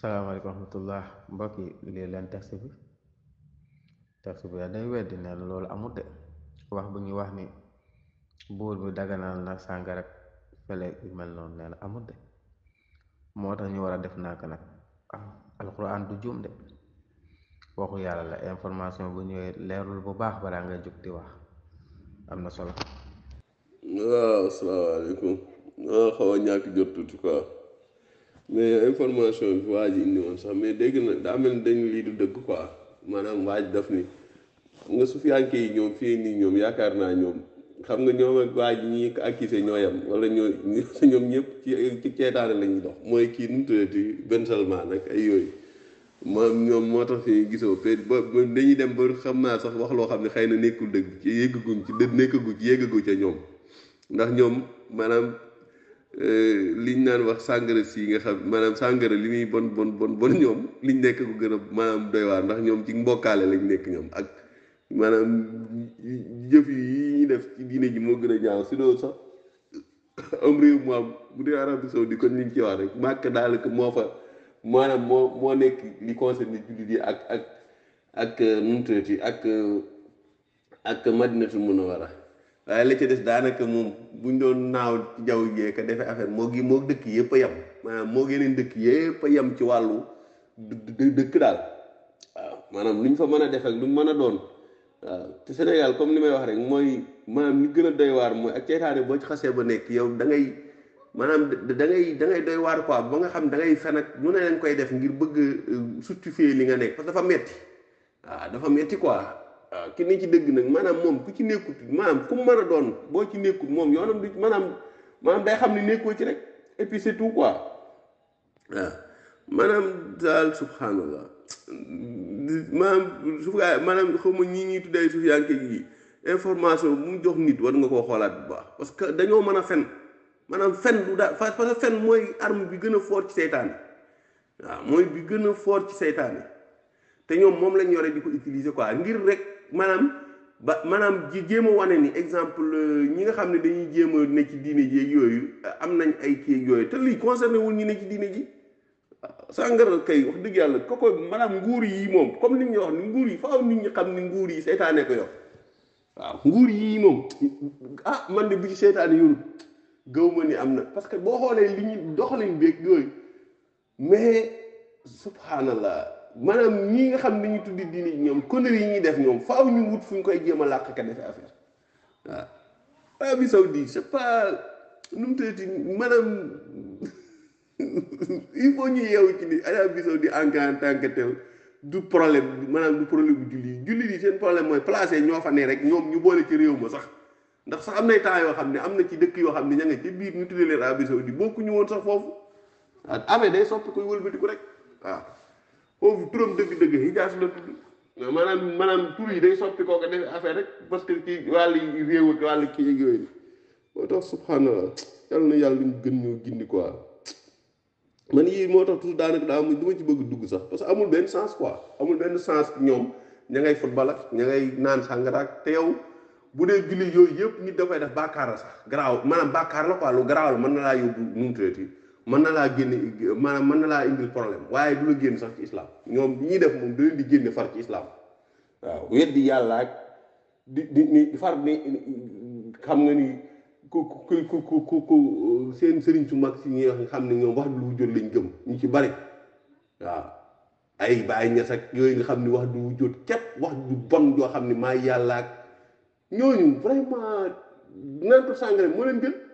salaamaaleykum wa rahmatullah mbokk yi lii leen texte bi texte bi day weddi ne loolu amut de wax bu ñuy wax ni buur bi daganal na sàngara ak fele yu mel noonu nee na amut de moo tax ñu war a def naaka nag alquran du juum de waxu yàlla la information bu ñëwee leerul bu baax balaa ngay jóg di wax am na solo waaw nah, asalaamaaleykum xaw nah, a ñàkk jot tuuti quoi mais information bi waa ji indi woon sax mais dégg na daa mel ni dañu lii du dëgg ko maanaam waaj daf ni xam nga su fi yi ñoom fii nii ñoom yaakaar naa ñoom xam nga ñoom ak waa ji ñi ko ñoo yem wala ñoo ñoom ñëpp ci ci ceetaane la ñuy dox mooy kii nu mu tuddati Ben nag ay yooyu moom ñoom moo tax fi gisoo peut ba dañuy dem ba xam naa sax wax loo xam ne xëy na nekkul dëgg ci guñ ci dë nekkaguñ ci yéggaguñ ca ñoom ndax ñoom maanaam Euh, liñ naan wax sàngara si nga xam maanaam sàngara li muy bon bon bon bon ñoom liñ nekk ko gën a maanaam doy waar ndax ñoom ci mbokkaale lañ nekk ñoom ak maanaam jëf yi ñu def moo gën a ñaaw si bu dee Arabie Saoudi kon liñ ci wax rek màkk daal moo fa maanaam moo moo nekk li concerne jullit yi ak ak ak nu mu tuddati ak ak Madinatul Munawwara waaye la ca des daanaka moom bu ñu doon naaw ci jaww jee defee affaire moo gi moo dëkk yëpp a yem maanaam moo yeneen dëkk yëpp yem ci wàllu dëkk daal waaw maanaam luñ fa mën a def ak luñ mën a doon waaw Sénégal comme li may wax rek mooy maanaam li gën a doy waar mooy ak ceytaane boo ci xasee ba nekk yow da ngay maanaam da ngay da ngay doy waar quoi ba nga xam dangay ngay fen ak ñu ne leen koy def ngir bëgg a euh, justifier li nga nekk parce dafa metti dafa metti quoi. waaw ki ne ci dëgg nag maanaam moom ku ci nekkut maanaam ku mu mën a doon boo ci nekkut moom yoonam du maanaam maanaam day xam ne nekkoo ci rek et puis ah, maanaam daal subhanallah maanaam su gaa maanaam xaw ma ñii ñuy tuddee suuf yaa ngi information bu mu jox nit war nga koo xoolaat bu baax parce que dañoo mën a fen maanaam fen du daa parce que fen mooy arme bi gën a fort ci seytaane waaw mooy bi gën a fort ci seytaane te ñoom moom lañ yore di ko utiliser quoi ngir rek. maanaam ba maanaam ji jéem a wane ni exemple euh, ñi nga xam ne dañuy jéem a ne ci diine ji ak yooyu euh, am nañ ay kii ak yooyu te lii concerné wul ñi ne ci diine ji sàngara kay wax dëgg yàlla koko maanaam nguur yi moom comme li ñu wax ni yi faaw nit ñi xam ni nguur yi seytaane ko yor waaw nguur yi moom ah man de bu ci seytaane yoru gëw ma ni am na parce que boo xoolee li ñu doxalin beeg yooyu mais subhanallah maanaam ñii nga xam ne ñu tuddi diine ñoom conneries yi ñuy def ñoom faaw ñu wut fu ñu koy jéem a làq ka defee affaire waaw Arabie Saoudite c'est pas nu mu tëddati maanaam il faut ñu yeewu ci ni Arabie Saoudite en tant que tel du problème maanaam du problème bu julli yi julli yi seen problème mooy placé ñoo fa ne rek ñoom ñu boole ci réew ma sax ndax sax am nay temps yoo xam ne am na ci dëkk yoo xam ne ña nga ci biir ñu tuddee leen Arabie Saoudite bokkuñu woon sax foofu ah amee day soppi koy rek waaw foofu turam dëgg-dëgg Hijaas la tudd maanaam maanaam tur yi day soppi kooku def affaire rek parce que ci wàll réew ak ki kii ak yooyu moo tax subhanallah yàlla na yàlla ñu gën ñoo gindi quoi man yii moo tax toujours daanaka daa am dama ci bëgg dugg sax parce que amul benn sens quoi amul benn sens ñoom ña ngay football ak ña ngay naan sàngara ak te yow bu dee julli yooyu yëpp nit da def bàkkaar la sax garaaw maanaam bàkkaar la quoi lu garaaw la mën na laa yóbbu nu mën na laa génne maanaam mën na laa indil problème waaye du la génn sax ci islam ñoom ñuy def moom da leen di génne far ci islam waaw weddi yàlla ak di di ni far ni xam nga ni ku ku ku ku ku seen sëriñ su mag si ñuy wax xam ne ñoom wax du jot lañ gëm ñu ci bari waaw ay bàyyi ñes ak yooyu nga xam ni wax du jot képp wax du bon joo xam ne maa yàlla ak ñooñu vraiment naan ko sàngara moo leen gën.